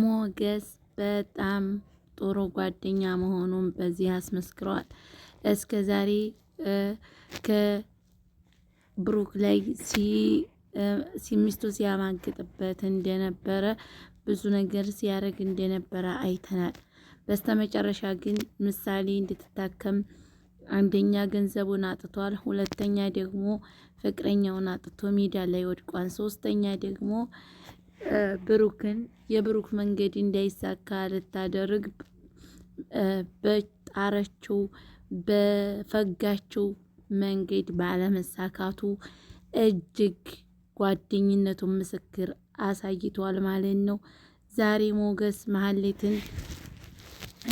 ሞገስ በጣም ጥሩ ጓደኛ መሆኑን በዚህ አስመስክሯል። እስከ ዛሬ ከብሩክ ላይ ሲሚስቱ ሲያማግጥበት እንደነበረ ብዙ ነገር ሲያደርግ እንደነበረ አይተናል። በስተመጨረሻ ግን ምሳሌ እንድትታከም አንደኛ ገንዘቡን አጥቷል፣ ሁለተኛ ደግሞ ፍቅረኛውን አጥቶ ሜዳ ላይ ወድቋል፣ ሶስተኛ ደግሞ ብሩክን የብሩክ መንገድ እንዳይሳካ ልታደርግ በጣረችው በፈጋችው መንገድ ባለመሳካቱ እጅግ ጓደኝነቱ ምስክር አሳይቷል ማለት ነው። ዛሬ ሞገስ መሀሌትን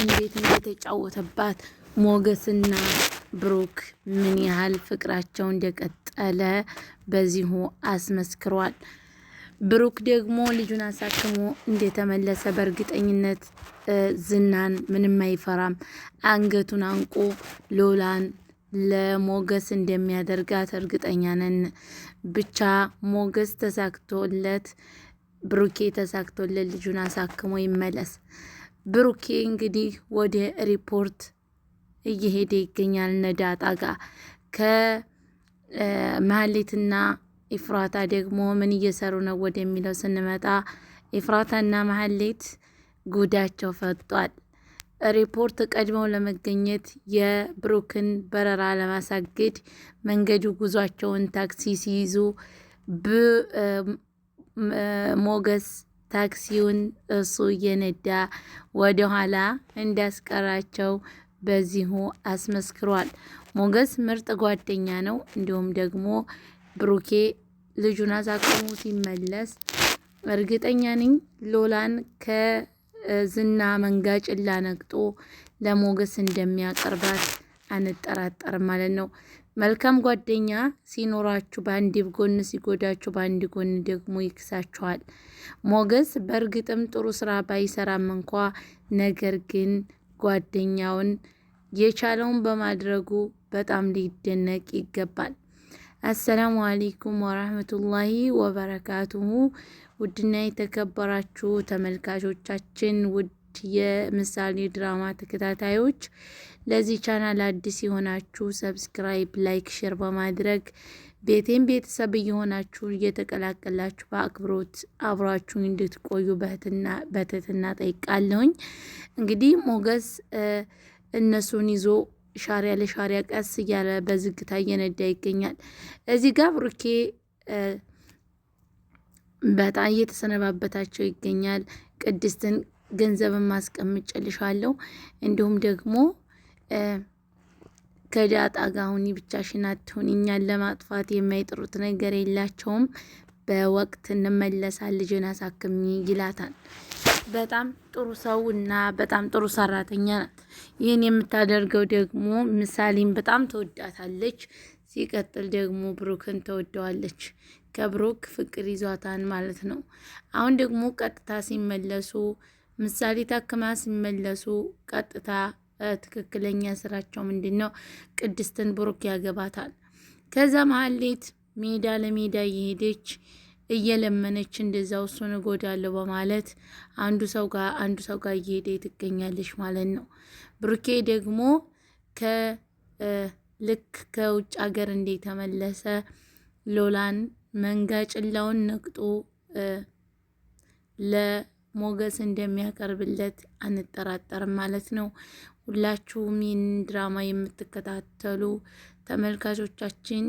እንዴት እንደተጫወተባት ሞገስና ብሩክ ምን ያህል ፍቅራቸው እንደቀጠለ በዚሁ አስመስክሯል። ብሩክ ደግሞ ልጁን አሳክሞ እንደተመለሰ በእርግጠኝነት ዝናን ምንም አይፈራም። አንገቱን አንቆ ሎላን ለሞገስ እንደሚያደርጋት እርግጠኛ ነን። ብቻ ሞገስ ተሳክቶለት ብሩኬ ተሳክቶለት ልጁን አሳክሞ ይመለስ። ብሩኬ እንግዲህ ወደ ሪፖርት እየሄደ ይገኛል። ነዳጣ ጋ ከመሀሌትና ኢፍራታ ደግሞ ምን እየሰሩ ነው ወደሚለው ስንመጣ ኢፍራታና መሀሌት ጉዳቸው ፈጧል። ሪፖርት ቀድመው ለመገኘት የብሩክን በረራ ለማሳገድ መንገዱ ጉዟቸውን ታክሲ ሲይዙ ሞገስ ታክሲውን እሱ እየነዳ ወደኋላ እንዳስቀራቸው በዚሁ አስመስክሯል። ሞገስ ምርጥ ጓደኛ ነው። እንዲሁም ደግሞ ብሩኬ ልጁን አዛቅሞ ሲመለስ እርግጠኛ ነኝ ሎላን ከዝና መንጋ ጭላ ነቅጦ ለሞገስ እንደሚያቀርባት አንጠራጠርም ማለት ነው። መልካም ጓደኛ ሲኖራችሁ በአንድ ጎን ሲጎዳችሁ በአንድ ጎን ደግሞ ይክሳችኋል። ሞገስ በእርግጥም ጥሩ ስራ ባይሰራም እንኳ ነገር ግን ጓደኛውን የቻለውን በማድረጉ በጣም ሊደነቅ ይገባል። አሰላሙ አሌይኩም ወራህመቱላሂ ወበረካቱሁ። ውድና የተከበራችሁ ተመልካቾቻችን፣ ውድ የምሳሌ ድራማ ተከታታዮች፣ ለዚህ ቻናል አዲስ የሆናችሁ ሰብስክራይብ፣ ላይክ፣ ሼር በማድረግ ቤቴን ቤተሰብ እየሆናችሁ እየተቀላቀላችሁ በአክብሮት አብሯችሁ እንድትቆዩ በትህትና ጠይቃለሁኝ። እንግዲህ ሞገስ እነሱን ይዞ ሻሪያ ለሻሪያ ቀስ እያለ በዝግታ እየነዳ ይገኛል። እዚህ ጋር ብሩኬ በጣም እየተሰነባበታቸው ይገኛል። ቅድስትን ገንዘብን ማስቀምጨልሻለሁ እንዲሁም ደግሞ ከዳጣ ጋር ሁኒ፣ ብቻሽን አትሁን። እኛን ለማጥፋት የማይጥሩት ነገር የላቸውም። በወቅት እንመለሳል፣ ልጅን አሳክሚ ይላታል። በጣም ጥሩ ሰው እና በጣም ጥሩ ሰራተኛ ናት። ይህን የምታደርገው ደግሞ ምሳሌን በጣም ተወዳታለች። ሲቀጥል ደግሞ ብሩክን ተወደዋለች። ከብሩክ ፍቅር ይዟታን ማለት ነው። አሁን ደግሞ ቀጥታ ሲመለሱ ምሳሌ ታክማ ሲመለሱ ቀጥታ ትክክለኛ ስራቸው ምንድን ነው? ቅድስትን ብሩክ ያገባታል። ከዛ መሀሌት ሜዳ ለሜዳ እየሄደች እየለመነች እንደዛው እሱን እጎዳለሁ በማለት አንዱ ሰው ጋር አንዱ ሰው ጋር እየሄደ ትገኛለች ማለት ነው። ብሩኬ ደግሞ ከልክ ከውጭ ሀገር እንደተመለሰ ሎላን መንጋ ጭላውን ነቅጦ ለሞገስ እንደሚያቀርብለት አንጠራጠርም ማለት ነው። ሁላችሁም ይህን ድራማ የምትከታተሉ ተመልካቾቻችን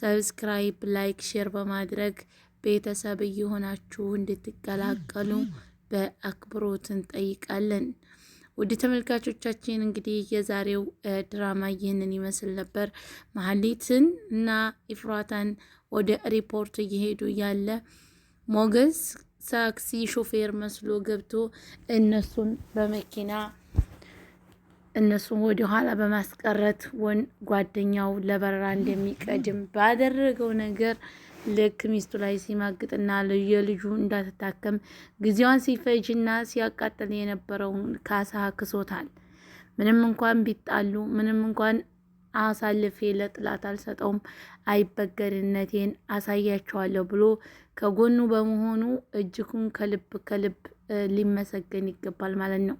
ሰብስክራይብ፣ ላይክ፣ ሼር በማድረግ ቤተሰብ እየሆናችሁ እንድትቀላቀሉ በአክብሮት እንጠይቃለን። ውድ ተመልካቾቻችን እንግዲህ የዛሬው ድራማ ይህንን ይመስል ነበር። መሀሊትን እና ኢፍራታን ወደ ሪፖርት እየሄዱ ያለ ሞገስ ታክሲ ሾፌር መስሎ ገብቶ እነሱን በመኪና እነሱን ወደ ኋላ በማስቀረት ወን ጓደኛው ለበረራ እንደሚቀድም ባደረገው ነገር ልክ ሚስቱ ላይ ሲማግጥና የልጁ እንዳትታከም ጊዜዋን ሲፈጅና ሲያቃጥል የነበረውን ካሳ ክሶታል። ምንም እንኳን ቢጣሉ ምንም እንኳን አሳልፌ ለጥላት አልሰጠውም፣ አይበገርነቴን አሳያቸዋለሁ ብሎ ከጎኑ በመሆኑ እጅጉን ከልብ ከልብ ሊመሰገን ይገባል ማለት ነው።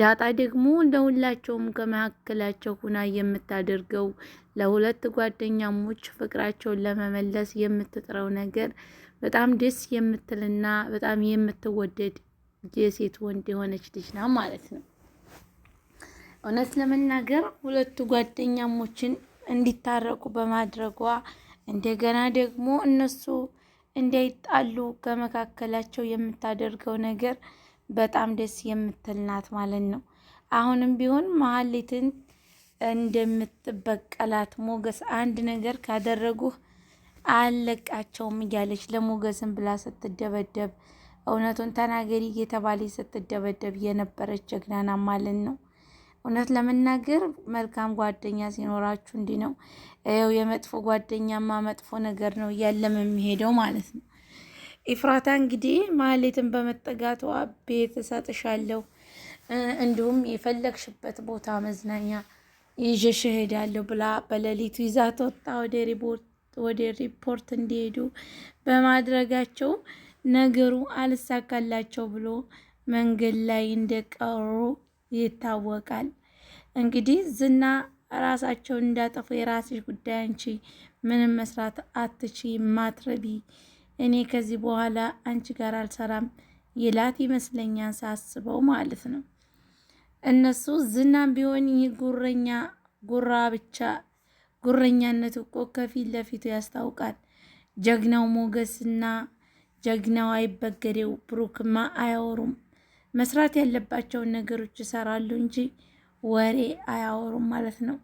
ዳጣ ደግሞ ለሁላቸውም ከመካከላቸው ሁና የምታደርገው ለሁለት ጓደኛሞች ፍቅራቸውን ለመመለስ የምትጥረው ነገር በጣም ደስ የምትልና በጣም የምትወደድ የሴት ወንድ የሆነች ልጅ ናት ማለት ነው። እውነት ለመናገር ሁለቱ ጓደኛሞችን እንዲታረቁ በማድረጓ እንደገና ደግሞ እነሱ እንዳይጣሉ ከመካከላቸው የምታደርገው ነገር በጣም ደስ የምትል ናት ማለት ነው። አሁንም ቢሆን መሀሌትን እንደምትበቀላት ሞገስ አንድ ነገር ካደረጉህ አለቃቸውም እያለች ለሞገስን ብላ ስትደበደብ እውነቱን ተናገሪ እየተባለ ስትደበደብ የነበረች ጀግናና ማለት ነው። እውነት ለመናገር መልካም ጓደኛ ሲኖራችሁ እንዲህ ነው። ይኸው የመጥፎ ጓደኛማ መጥፎ ነገር ነው እያለም የሚሄደው ማለት ነው። ኢፍራታ እንግዲህ ማህሌትን በመጠጋቷ ቤት እሰጥሻለሁ፣ እንዲሁም የፈለግሽበት ቦታ መዝናኛ ይዤሽ እሄዳለሁ ብላ በሌሊቱ ይዛት ወጣ ወደ ሪፖርት እንዲሄዱ በማድረጋቸው ነገሩ አልሳካላቸው ብሎ መንገድ ላይ እንደቀሩ ይታወቃል። እንግዲህ ዝና ራሳቸውን እንዳጠፉ የራስሽ ጉዳይ፣ አንቺ ምንም መስራት አትቺ ማትረቢ፣ እኔ ከዚህ በኋላ አንቺ ጋር አልሰራም ይላት ይመስለኛል ሳስበው ማለት ነው። እነሱ ዝናም ቢሆን ይህ ጉረኛ ጉራ ብቻ ጉረኛነት እኮ ከፊት ለፊቱ ያስታውቃል። ጀግናው ሞገስና ጀግናው አይበገሬው ብሩክማ አያወሩም። መስራት ያለባቸውን ነገሮች ይሰራሉ እንጂ ወሬ አያወሩም ማለት ነው።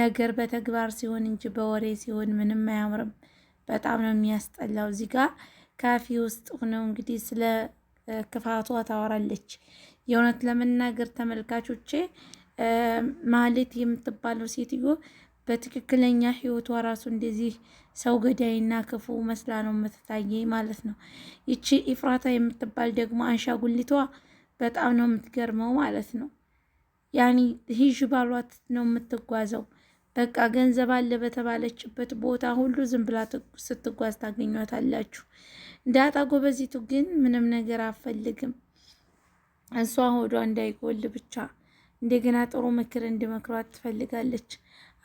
ነገር በተግባር ሲሆን እንጂ በወሬ ሲሆን ምንም አያምርም። በጣም ነው የሚያስጠላው። እዚህ ጋር ካፌ ውስጥ ሆነው እንግዲህ ስለ ክፋቷ ታወራለች። የእውነት ለመናገር ተመልካቾቼ ማህሌት የምትባለው ሴትዮ በትክክለኛ ህይወቷ ራሱ እንደዚህ ሰው ገዳይና ክፉ መስላ ነው የምትታየኝ ማለት ነው። ይቺ ኢፍራታ የምትባል ደግሞ አንሻ ጉሊቷ በጣም ነው የምትገርመው ማለት ነው። ያኔ ሂዥ ባሏት ነው የምትጓዘው። በቃ ገንዘብ አለ በተባለችበት ቦታ ሁሉ ዝም ብላ ስትጓዝ ታገኟታላችሁ። ዳጣ ጎበዚቱ ግን ምንም ነገር አፈልግም። እሷ ሆዷ እንዳይጎል ብቻ እንደገና ጥሩ ምክር እንዲመክሯት ትፈልጋለች።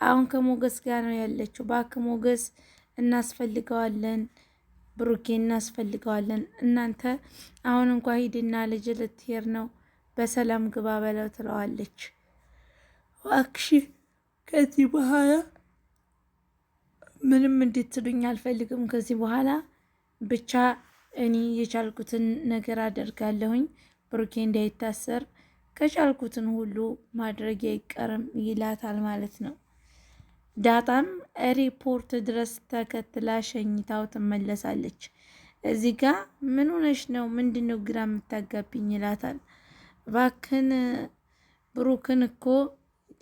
አሁን ከሞገስ ጋር ነው ያለችው። ባክ ሞገስ እናስፈልገዋለን ብሩኬ እናስፈልገዋለን። እናንተ አሁን እንኳ ሂድና ልጅ ልትሄድ ነው በሰላም ግባ በለው ትለዋለች። አክሺ ከዚህ በኋላ ምንም እንድትሉኝ አልፈልግም። ከዚህ በኋላ ብቻ እኔ የቻልኩትን ነገር አደርጋለሁኝ። ብሩኬ እንዳይታሰር ከቻልኩትን ሁሉ ማድረግ አይቀርም ይላታል ማለት ነው። ዳጣም ሪፖርት ድረስ ተከትላ ሸኝታው ትመለሳለች። እዚህ ጋ ምን ሆነሽ ነው? ምንድነው ግራ የምታጋብኝ ይላታል። ባክን ብሩክን እኮ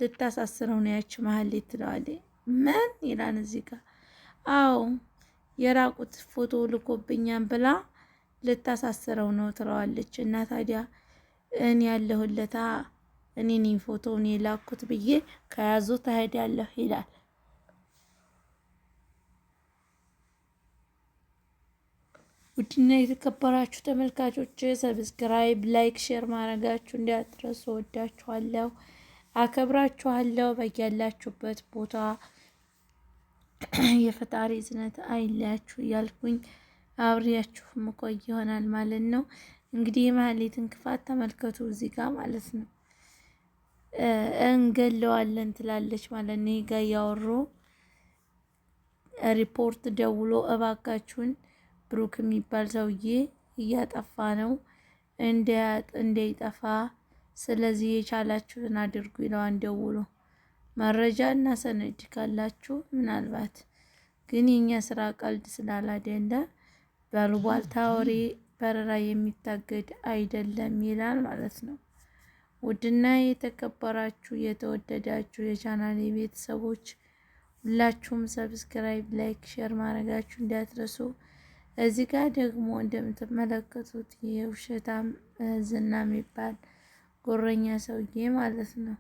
ልታሳስረው ነው ያች መሀል ትለዋለች። ምን ይላል እዚ ጋ አዎ የራቁት ፎቶ ልኮብኛን ብላ ልታሳስረው ነው ትለዋለች። እና ታዲያ እኔ ያለሁለታ እኔ ፎቶውን የላኩት ብዬ ከያዙ ያለሁ ይላል። ውድና የተከበራችሁ ተመልካቾች ሰብስክራይብ፣ ላይክ፣ ሼር ማድረጋችሁ እንዳትረሱ። ወዳችኋለሁ፣ አከብራችኋለሁ። በያላችሁበት ቦታ የፈጣሪ ዝነት አይለያችሁ እያልኩኝ አብሬያችሁ ምቆይ ይሆናል ማለት ነው። እንግዲህ የማህሌትን ክፋት ተመልከቱ እዚህ ጋር ማለት ነው። እንገለዋለን ትላለች ማለት ነው። ጋ ያወሩ ሪፖርት ደውሎ እባካችሁን ብሩክ የሚባል ሰውዬ እያጠፋ ነው እንዳይጠፋ ስለዚህ የቻላችሁትን አድርጉ ይለዋን ደውሎ መረጃ እና ሰነድ ካላችሁ ምናልባት ግን የኛ ስራ ቀልድ ስላላደለ ባልቧልታ ወሬ በረራ የሚታገድ አይደለም ይላል ማለት ነው። ውድና የተከበራችሁ የተወደዳችሁ የቻናል የቤተሰቦች ሁላችሁም ሰብስክራይብ፣ ላይክ፣ ሼር ማድረጋችሁ እንዳትረሱ። እዚህ ጋር ደግሞ እንደምትመለከቱት የውሸታም ዝና የሚባል ጎረኛ ሰውዬ ማለት ነው።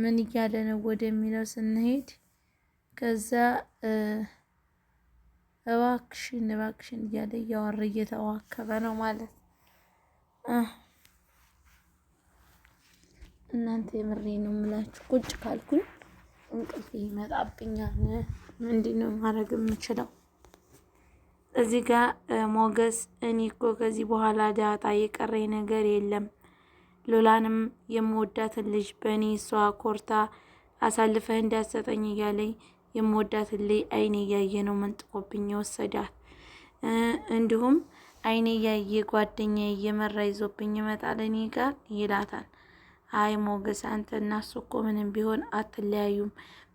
ምን እያለ ነው ወደሚለው ስንሄድ ከዛ እባክሽን እባክሽን እያለ እያወረ እየተዋከበ ነው ማለት እናንተ የምሬ ነው የምላችሁ። ቁጭ ካልኩኝ እንቅልፍ ይመጣብኛል። ምንድን ነው ማድረግ የምችለው? እዚህ ጋ ሞገስ እኔ እኮ ከዚህ በኋላ ዳጣ የቀረኝ ነገር የለም ሎላንም የምወዳትን ልጅ በእኔ እሷ ኮርታ አሳልፈህ እንዳሰጠኝ እያለኝ የምወዳትን ልጅ አይኔ እያየ ነው መንጥቆብኝ የወሰዳት። እንዲሁም አይኔ እያየ ጓደኛ እየመራ ይዞብኝ ይመጣል እኔ ጋር ይላታል። አይ ሞገስ አንተ እና እሱ እኮ ምንም ቢሆን አትለያዩም፣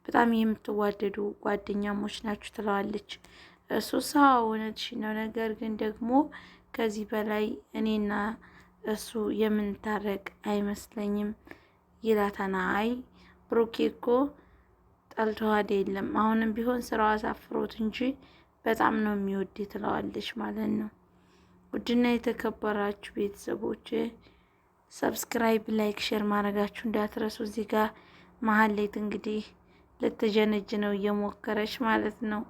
በጣም የምትዋደዱ ጓደኛሞች ናችሁ ትለዋለች። እሱስ እውነትሽን ነው። ነገር ግን ደግሞ ከዚህ በላይ እኔና እሱ የምንታረቅ አይመስለኝም ይላታና አይ ብሩኬ እኮ ጠልተዋድ አሁንም ቢሆን ስራው አሳፍሮት እንጂ በጣም ነው የሚወድ ትለዋለች ማለት ነው። ውድና የተከበራችሁ ቤተሰቦች ሰብስክራይብ፣ ላይክ፣ ሼር ማድረጋችሁ እንዳትረሱ። እዚህ ጋር ሌት እንግዲህ ልትጀነጅ ነው እየሞከረች ማለት ነው።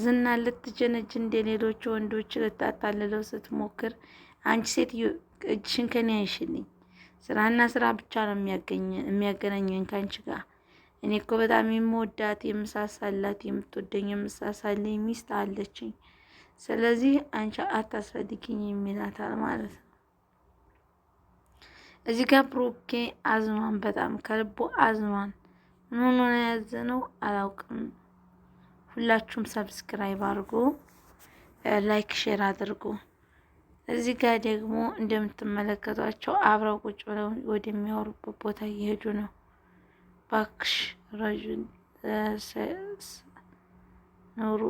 ዝና ልትጀነጅ እንደ ሌሎች ወንዶች ልታታልለው ስትሞክር አንቺ ሴትዮ እጅሽን ከኔ አይሽልኝ፣ ስራና ስራ ብቻ ነው የሚያገናኘኝ ከአንቺ ጋር። እኔ እኮ በጣም የምወዳት የምሳሳላት፣ የምትወደኝ የምሳሳልኝ ሚስት አለችኝ። ስለዚህ አንቺ አታስፈልግኝ የሚላታል ማለት ነው። እዚህ ጋር ብሩኬ አዝኗን፣ በጣም ከልቦ አዝኗን። ምን ሆነ ያዘነው አላውቅም ሁላችሁም ሰብስክራይብ አድርጉ፣ ላይክ ሼር አድርጉ። እዚህ ጋር ደግሞ እንደምትመለከቷቸው አብረው ቁጭ ብለው ወደሚያወሩበት ቦታ እየሄዱ ነው። ባክሽ ረዥን ኑሩ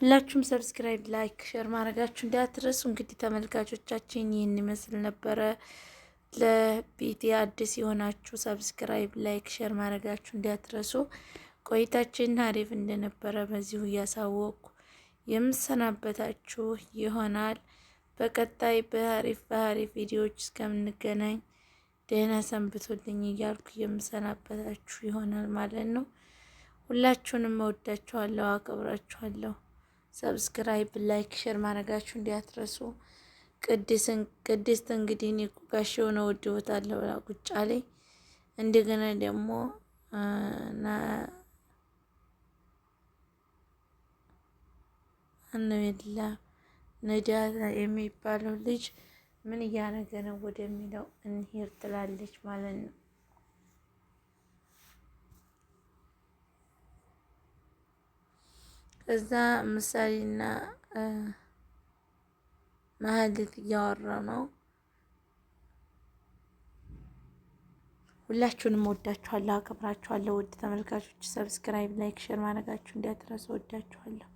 ሁላችሁም ሰብስክራይብ ላይክ ሸር ማድረጋችሁ እንዳትረሱ። እንግዲህ ተመልካቾቻችን ይህን ይመስል ነበረ። ለቤቴ አዲስ የሆናችሁ ሰብስክራይብ፣ ላይክ፣ ሸር ማድረጋችሁ እንዳትረሱ። ቆይታችን አሪፍ እንደነበረ በዚሁ እያሳወቅኩ የምሰናበታችሁ ይሆናል። በቀጣይ በአሪፍ በአሪፍ ቪዲዮዎች እስከምንገናኝ ደህና ሰንብቶልኝ እያልኩ የምሰናበታችሁ ይሆናል ማለት ነው። ሁላችሁንም እወዳችኋለሁ፣ አከብራችኋለሁ። ሰብስክራይብ፣ ላይክ፣ ሼር ማድረጋችሁ እንዲያትረሱ። ቅድስት እንግዲህ እኔ እኮ ጋሽ የሆነ ወድቦታለሁ ብላ እንደገና ደግሞ አንቤላ ነዳ የሚባለው ልጅ ምን እያደረገ ነው ወደሚለው እንሄድ ትላለች ማለት ነው። ከዛ ምሳሌና መሀሌት እያወራ ነው። ሁላችሁንም ወዳችኋለሁ፣ አከብራችኋለሁ። ውድ ተመልካቾች ሰብስክራይብ፣ ላይክ፣ ሼር ማድረጋችሁ እንዲያትረሱ ወዳችኋለሁ።